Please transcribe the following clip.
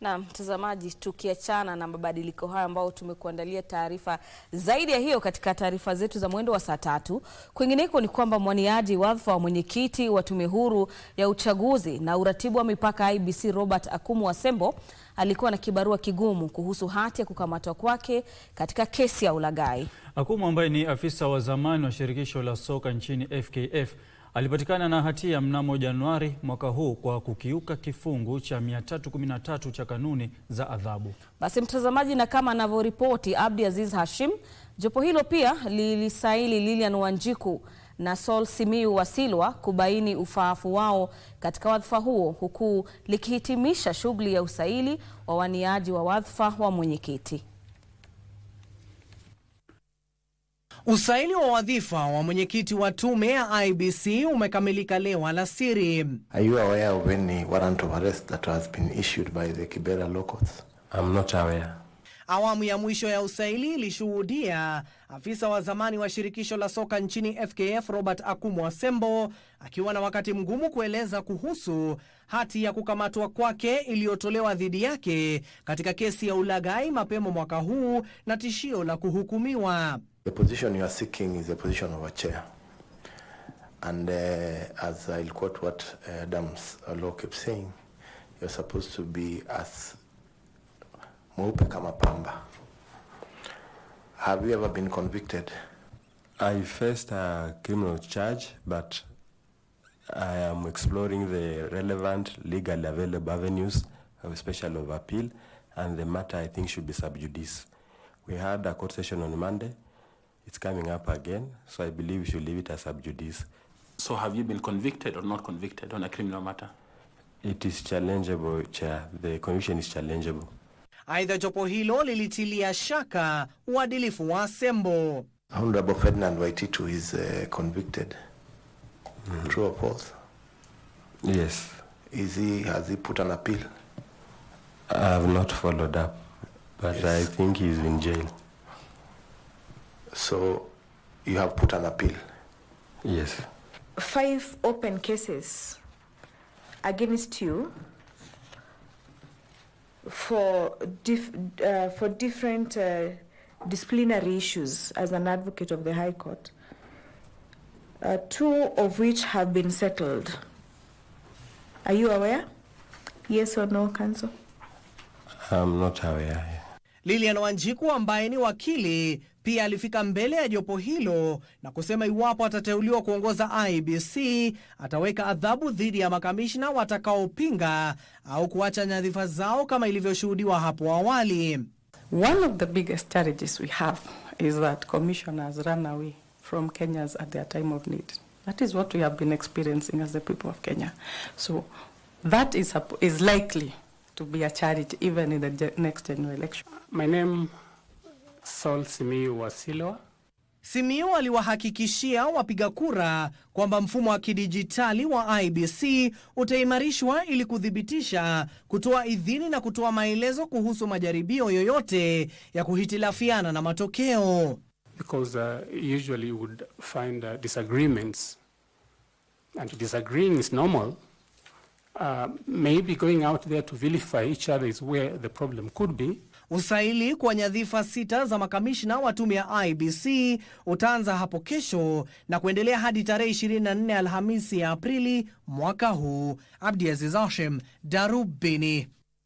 Na mtazamaji, tukiachana na mabadiliko hayo ambayo tumekuandalia taarifa zaidi ya hiyo katika taarifa zetu za mwendo wa saa tatu. Kwingineko ni kwamba mwaniaji wadhifa wa mwenyekiti wa Tume Huru ya Uchaguzi na Uratibu wa Mipaka IEBC Robert Akumu Wasembo alikuwa na kibarua kigumu kuhusu hati ya kukamatwa kwake katika kesi ya ulaghai. Akumu ambaye ni afisa wa zamani wa shirikisho la soka nchini FKF alipatikana na hatia mnamo Januari mwaka huu kwa kukiuka kifungu cha 313 cha kanuni za adhabu. Basi mtazamaji, na kama anavyoripoti Abdi Aziz Hashim, jopo hilo pia lilisaili Lilian Wanjiku na sol simiu Wasilwa kubaini ufaafu wao katika wadhifa huo huku likihitimisha shughuli ya usaili wa waniaji wa wadhifa wa mwenyekiti. Usaili wa wadhifa wa mwenyekiti wa tume ya IBC umekamilika leo alasiri. Awamu ya mwisho ya usaili ilishuhudia afisa wa zamani wa shirikisho la soka nchini FKF Robert Akumu Asembo akiwa na wakati mgumu kueleza kuhusu hati ya kukamatwa kwake iliyotolewa dhidi yake katika kesi ya ulaghai mapema mwaka huu na tishio la kuhukumiwa. The position you are seeking is the position of a chair. And uh, as I'll quote what uh, Law kept saying, you're supposed to be as mweupe kama pamba. Have you ever been convicted? I faced a criminal charge, but I am exploring the relevant legally available avenues of special of appeal, and the matter I think should be sub judice. We had a court session on Monday. it's coming up again, so I believe we should leave it as sub judice. So have you been convicted or not convicted on a criminal matter? It is challengeable, Chair. The conviction is challengeable. Aidha, jopo hilo lilitilia shaka uadilifu wa Asembo. Honorable Ferdinand Waititu is uh, convicted. Mm. -hmm. True or false? Yes. Is he, has he put an appeal? I have not followed up, but yes. I think he's in jail. So you have put an appeal? Yes. Five open cases against you for, dif uh, for different uh, disciplinary issues as an advocate of the High Court, uh, two of which have been settled. Are you aware? Yes or no, counsel? I'm not aware. Lilian Wanjiku ambaye ni wakili pia alifika mbele ya jopo hilo na kusema iwapo atateuliwa kuongoza IEBC ataweka adhabu dhidi ya makamishna watakaopinga au kuacha nyadhifa zao kama ilivyoshuhudiwa hapo awali. One of the biggest challenges we have is that commissioners run away from Kenyans at their time of need. That is what we have been experiencing as the people of Kenya. So that is, a, is likely to be a challenge even in the next general election. My name Saul Simiu wa Silwa. Simiyu aliwahakikishia wapiga kura kwamba mfumo wa kidijitali wa IEBC utaimarishwa ili kuthibitisha, kutoa idhini na kutoa maelezo kuhusu majaribio yoyote ya kuhitilafiana na matokeo. Because, uh, usually you would find, uh, disagreements. And disagreeing is normal. Uh, maybe going out there to vilify each other is where the problem could be. Usaili kwa nyadhifa sita za makamishna wa tume ya IBC utaanza hapo kesho na kuendelea hadi tarehe 24 Alhamisi ya Aprili mwaka huu. Abdiaziz Hashim, Darubini.